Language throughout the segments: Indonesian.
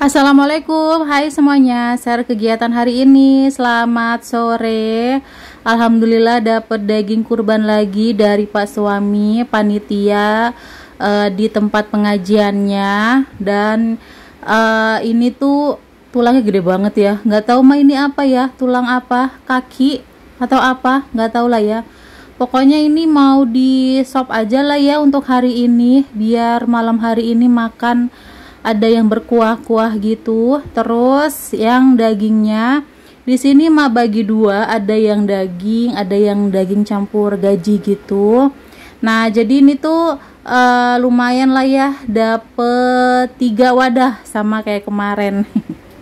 Assalamualaikum, hai semuanya. Share kegiatan hari ini. Selamat sore. Alhamdulillah dapat daging kurban lagi dari Pak suami panitia uh, di tempat pengajiannya dan uh, ini tuh tulangnya gede banget ya. Nggak tahu mah ini apa ya, tulang apa, kaki atau apa, nggak tahu lah ya. Pokoknya ini mau di sop aja lah ya untuk hari ini biar malam hari ini makan ada yang berkuah-kuah gitu terus yang dagingnya di sini mah bagi dua ada yang daging ada yang daging campur gaji gitu nah jadi ini tuh uh, lumayan lah ya dapet tiga wadah sama kayak kemarin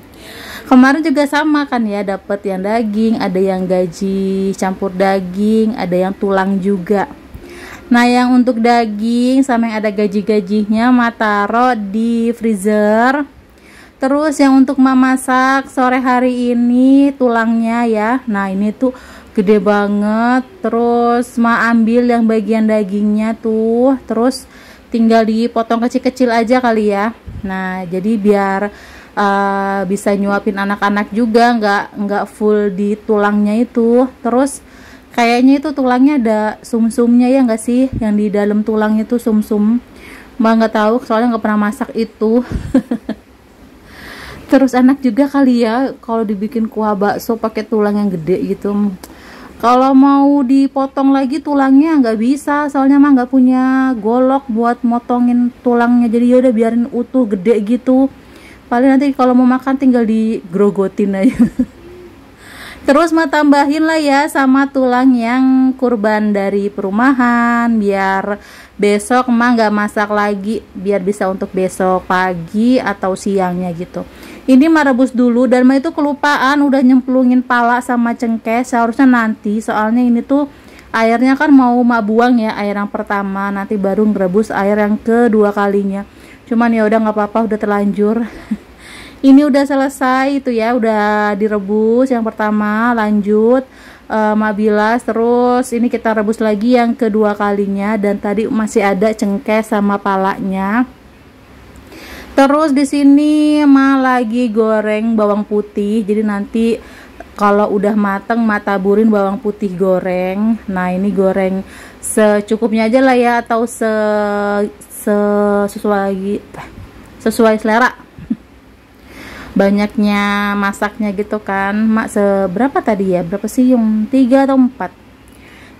kemarin juga sama kan ya dapet yang daging ada yang gaji campur daging ada yang tulang juga Nah, yang untuk daging sama yang ada gaji-gajinya mataro di freezer. Terus yang untuk memasak sore hari ini tulangnya ya. Nah, ini tuh gede banget. Terus ma ambil yang bagian dagingnya tuh. Terus tinggal dipotong kecil-kecil aja kali ya. Nah, jadi biar uh, bisa nyuapin anak-anak juga nggak nggak full di tulangnya itu. Terus kayaknya itu tulangnya ada sumsumnya ya nggak sih yang di dalam tulang itu sumsum mbak nggak tahu soalnya nggak pernah masak itu terus enak juga kali ya kalau dibikin kuah bakso pakai tulang yang gede gitu kalau mau dipotong lagi tulangnya nggak bisa soalnya mah nggak punya golok buat motongin tulangnya jadi yaudah biarin utuh gede gitu paling nanti kalau mau makan tinggal digrogotin aja Terus mah tambahin lah ya sama tulang yang kurban dari perumahan biar besok mah nggak masak lagi biar bisa untuk besok pagi atau siangnya gitu. Ini mah rebus dulu dan mah itu kelupaan udah nyemplungin pala sama cengkeh seharusnya nanti soalnya ini tuh airnya kan mau mah buang ya air yang pertama nanti baru ngerebus air yang kedua kalinya. Cuman ya udah nggak apa-apa udah terlanjur. ini udah selesai itu ya udah direbus yang pertama lanjut uh, mabilas terus ini kita rebus lagi yang kedua kalinya dan tadi masih ada cengkeh sama palanya terus di sini ma lagi goreng bawang putih jadi nanti kalau udah mateng mata burin bawang putih goreng nah ini goreng secukupnya aja lah ya atau se, se sesuai sesuai selera banyaknya masaknya gitu kan mak seberapa tadi ya berapa sih? siung tiga atau empat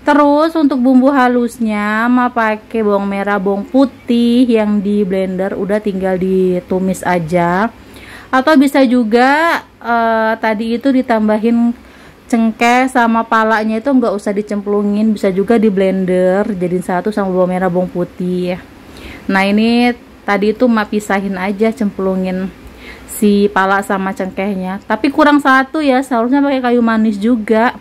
terus untuk bumbu halusnya mak pakai bawang merah bawang putih yang di blender udah tinggal ditumis aja atau bisa juga uh, tadi itu ditambahin cengkeh sama palanya itu nggak usah dicemplungin bisa juga di blender jadi satu sama bawang merah bawang putih nah ini tadi itu mak pisahin aja cemplungin si pala sama cengkehnya tapi kurang satu ya seharusnya pakai kayu manis juga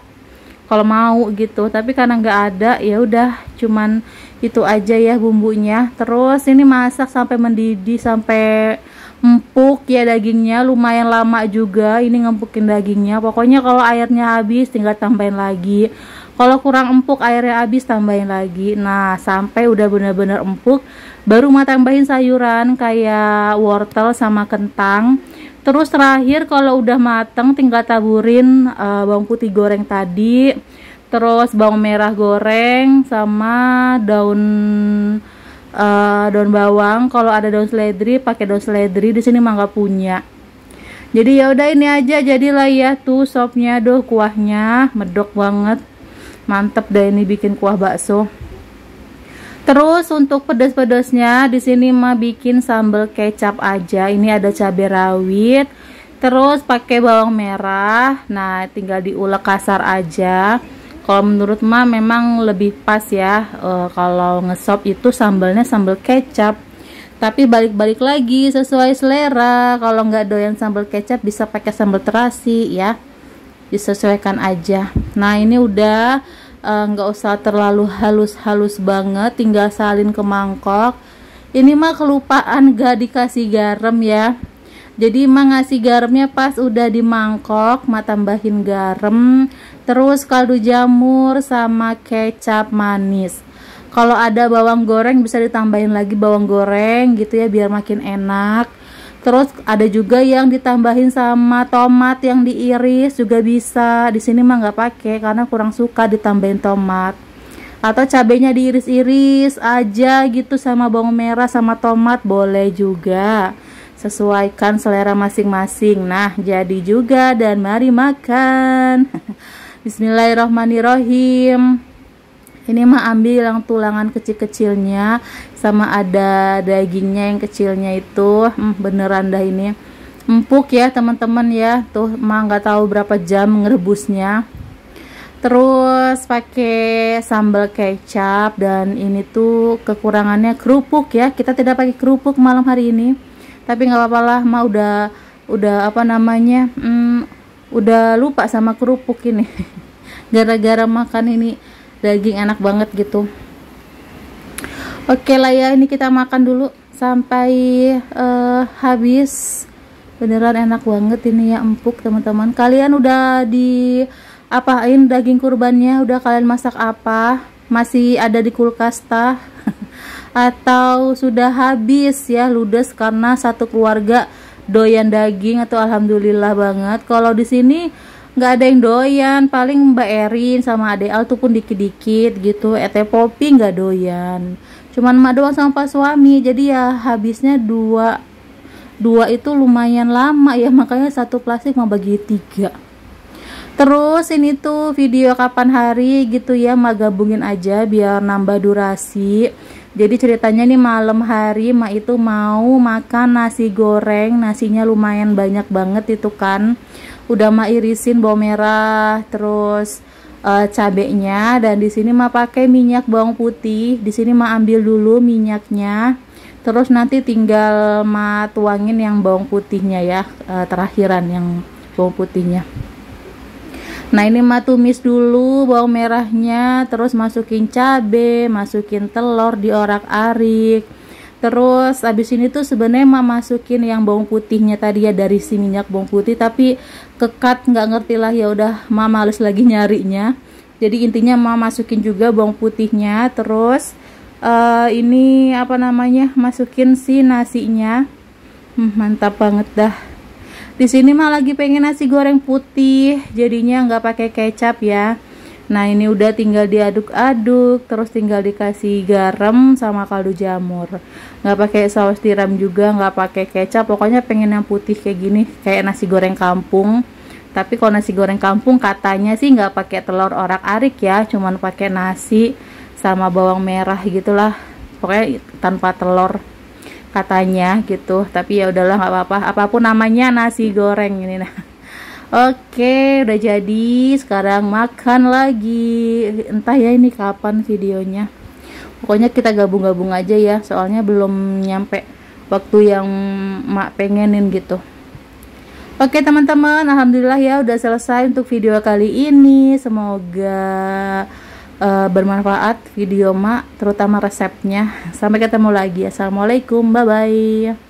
kalau mau gitu tapi karena nggak ada ya udah cuman itu aja ya bumbunya terus ini masak sampai mendidih sampai empuk ya dagingnya lumayan lama juga ini ngempukin dagingnya pokoknya kalau airnya habis tinggal tambahin lagi kalau kurang empuk airnya habis tambahin lagi nah sampai udah bener-bener empuk baru mau tambahin sayuran kayak wortel sama kentang terus terakhir kalau udah mateng tinggal taburin uh, bawang putih goreng tadi terus bawang merah goreng sama daun uh, daun bawang kalau ada daun seledri pakai daun seledri di sini mah punya jadi ya udah ini aja jadilah ya tuh sopnya, doh kuahnya medok banget mantep deh ini bikin kuah bakso terus untuk pedas-pedasnya di sini mah bikin sambal kecap aja ini ada cabai rawit terus pakai bawang merah nah tinggal diulek kasar aja kalau menurut ma memang lebih pas ya uh, kalau ngesop itu sambalnya sambal kecap tapi balik-balik lagi sesuai selera kalau nggak doyan sambal kecap bisa pakai sambal terasi ya disesuaikan aja nah ini udah Eh, nggak uh, usah terlalu halus-halus banget tinggal salin ke mangkok ini mah kelupaan gak dikasih garam ya jadi mah ngasih garamnya pas udah di mangkok mah tambahin garam terus kaldu jamur sama kecap manis kalau ada bawang goreng bisa ditambahin lagi bawang goreng gitu ya biar makin enak Terus ada juga yang ditambahin sama tomat yang diiris juga bisa. Di sini mah nggak pakai karena kurang suka ditambahin tomat. Atau cabenya diiris-iris aja gitu sama bawang merah sama tomat boleh juga. Sesuaikan selera masing-masing. Nah, jadi juga dan mari makan. Bismillahirrahmanirrahim ini mah ambil yang tulangan kecil-kecilnya sama ada dagingnya yang kecilnya itu hmm, beneran dah ini empuk ya teman-teman ya tuh mah nggak tahu berapa jam ngerebusnya terus pakai sambal kecap dan ini tuh kekurangannya kerupuk ya kita tidak pakai kerupuk malam hari ini tapi nggak apa-apa lah mah udah udah apa namanya hmm, udah lupa sama kerupuk ini gara-gara makan ini daging enak banget gitu oke lah ya ini kita makan dulu sampai uh, habis beneran enak banget ini ya empuk teman-teman kalian udah di apain daging kurbannya udah kalian masak apa masih ada di kulkas tah atau sudah habis ya ludes karena satu keluarga doyan daging atau alhamdulillah banget kalau di sini nggak ada yang doyan paling Mbak Erin sama Ade Al tuh pun dikit-dikit gitu ET Popi nggak doyan cuman emak doang sama pak suami jadi ya habisnya dua dua itu lumayan lama ya makanya satu plastik mau bagi tiga terus ini tuh video kapan hari gitu ya ma gabungin aja biar nambah durasi jadi ceritanya nih malam hari ma itu mau makan nasi goreng nasinya lumayan banyak banget itu kan udah ma irisin bawang merah terus uh, cabenya dan di sini ma pakai minyak bawang putih di sini ma ambil dulu minyaknya terus nanti tinggal ma tuangin yang bawang putihnya ya uh, terakhiran yang bawang putihnya Nah ini mah tumis dulu bawang merahnya, terus masukin cabe, masukin telur di orak arik Terus abis ini tuh sebenarnya mah masukin yang bawang putihnya tadi ya dari si minyak bawang putih tapi kekat nggak ngerti lah ya udah mah males lagi nyarinya. Jadi intinya mah masukin juga bawang putihnya terus uh, ini apa namanya masukin si nasinya. Hmm, mantap banget dah. Di sini mah lagi pengen nasi goreng putih, jadinya nggak pakai kecap ya. Nah ini udah tinggal diaduk-aduk, terus tinggal dikasih garam sama kaldu jamur. Nggak pakai saus tiram juga, nggak pakai kecap, pokoknya pengen yang putih kayak gini, kayak nasi goreng kampung. Tapi kalau nasi goreng kampung katanya sih nggak pakai telur orak-arik ya, cuman pakai nasi sama bawang merah gitulah. Pokoknya tanpa telur katanya gitu tapi ya udahlah nggak apa-apa apapun namanya nasi goreng ini nah Oke, udah jadi. Sekarang makan lagi. Entah ya ini kapan videonya. Pokoknya kita gabung-gabung aja ya, soalnya belum nyampe waktu yang mak pengenin gitu. Oke teman-teman, alhamdulillah ya udah selesai untuk video kali ini. Semoga uh, bermanfaat video mak terutama resepnya sampai ketemu lagi assalamualaikum bye bye